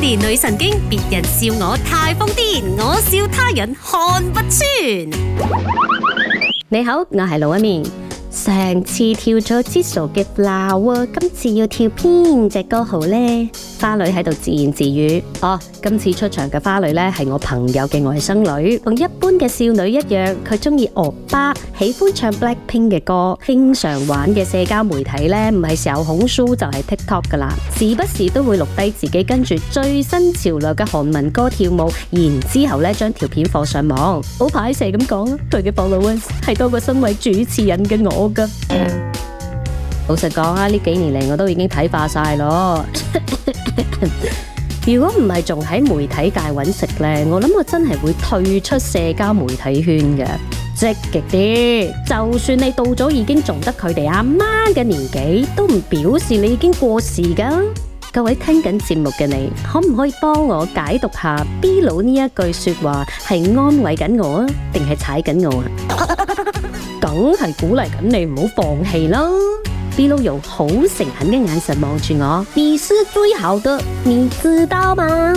年女神經，別人笑我太瘋癲，我笑他人看不穿。你好，我係龍紋敏。上次跳咗支傻嘅鬧啊，今次要跳邊隻歌好呢？花女喺度自言自語。哦，今次出場嘅花女咧，係我朋友嘅外甥女。同一般嘅少女一樣，佢中意歐巴，喜歡唱 BLACKPINK 嘅歌，經常玩嘅社交媒體咧唔係小紅書就係、是、TikTok 噶啦，時不時都會錄低自己跟住最新潮流嘅韓文歌跳舞，然之後咧將條片放上網，好排射咁講，佢嘅 followers 係多過身為主持人嘅我噶。嗯、老實講啊，呢幾年嚟我都已經睇化晒咯。 如果唔係仲喺媒體界揾食咧，我諗我真係會退出社交媒體圈嘅。積極啲，就算你到咗已經仲得佢哋阿媽嘅年紀，都唔表示你已經過時㗎。各位聽緊節目嘅你，可唔可以幫我解讀下 B 佬呢一句說話？係安慰緊我啊，定係踩緊我啊？梗係 鼓勵緊你唔好放棄咯。Bill 用好誠懇嘅眼神望住我，你是最好的，你知道嗎？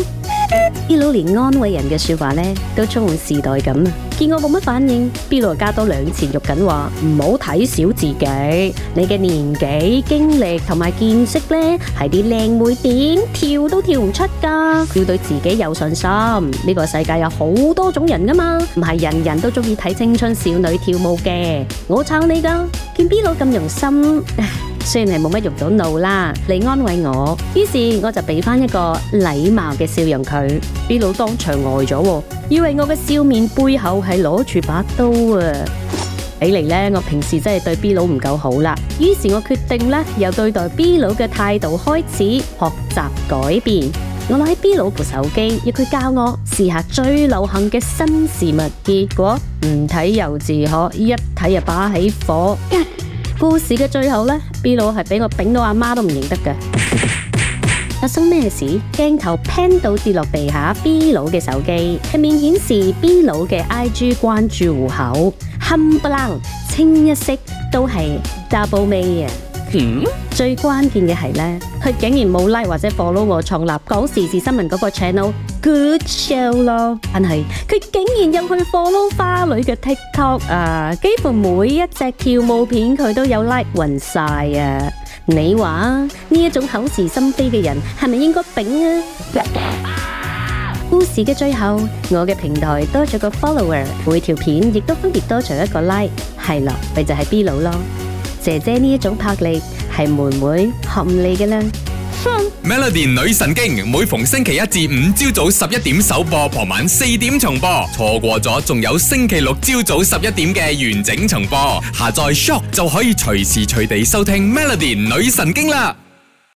Bill 連安慰人嘅說話咧，都充滿時代感。見我冇乜反應，B 佬加多兩錢肉緊話：唔好睇小自己，你嘅年紀、經歷同埋見識呢，係啲靚妹點跳都跳唔出噶。要對自己有信心，呢個世界有好多種人噶嘛，唔係人人都中意睇青春少女跳舞嘅。我炒你噶，見 B 佬咁用心。 雖然係冇乜入到腦啦，嚟安慰我，於是我就俾翻一個禮貌嘅笑容佢，B 佬當場呆咗，以為我嘅笑面背後係攞住把刀啊！睇嚟咧，我平時真係對 B 佬唔夠好啦。於是我決定咧，由對待 B 佬嘅態度開始學習改變。我攞起 B 佬部手機，要佢教我試下最流行嘅新事物，結果唔睇又自可，一睇就把起火。故事嘅最後咧，B 佬係俾我炳到阿媽都唔認得嘅。發生咩事？鏡頭偏到跌落地下，B 佬嘅手機係面顯示 B 佬嘅 IG 關注戶口，冚唪唥清一色都係 Double Me 啊！嗯，最關鍵嘅係呢，佢竟然冇 like 或者 follow 我創立港時事新聞嗰、那個 channel Good Show ch 咯，但係佢竟然有去 follow 花女嘅 TikTok、ok、啊，幾乎每一隻跳舞片佢都有 like 暈晒啊！你話呢一種口是心非嘅人係咪應該摒啊？ 故事嘅最後，我嘅平台多咗個 follower，每條片亦都分別多咗一個 like，係咯，佢就係、是、B 佬咯。姐姐呢一種魄力係妹妹學唔嚟嘅啦。Melody 女神經每逢星期一至五朝早十一點首播，傍晚四點重播，錯過咗仲有星期六朝早十一點嘅完整重播。下載 Shock 就可以隨時隨地收聽 Melody 女神經啦。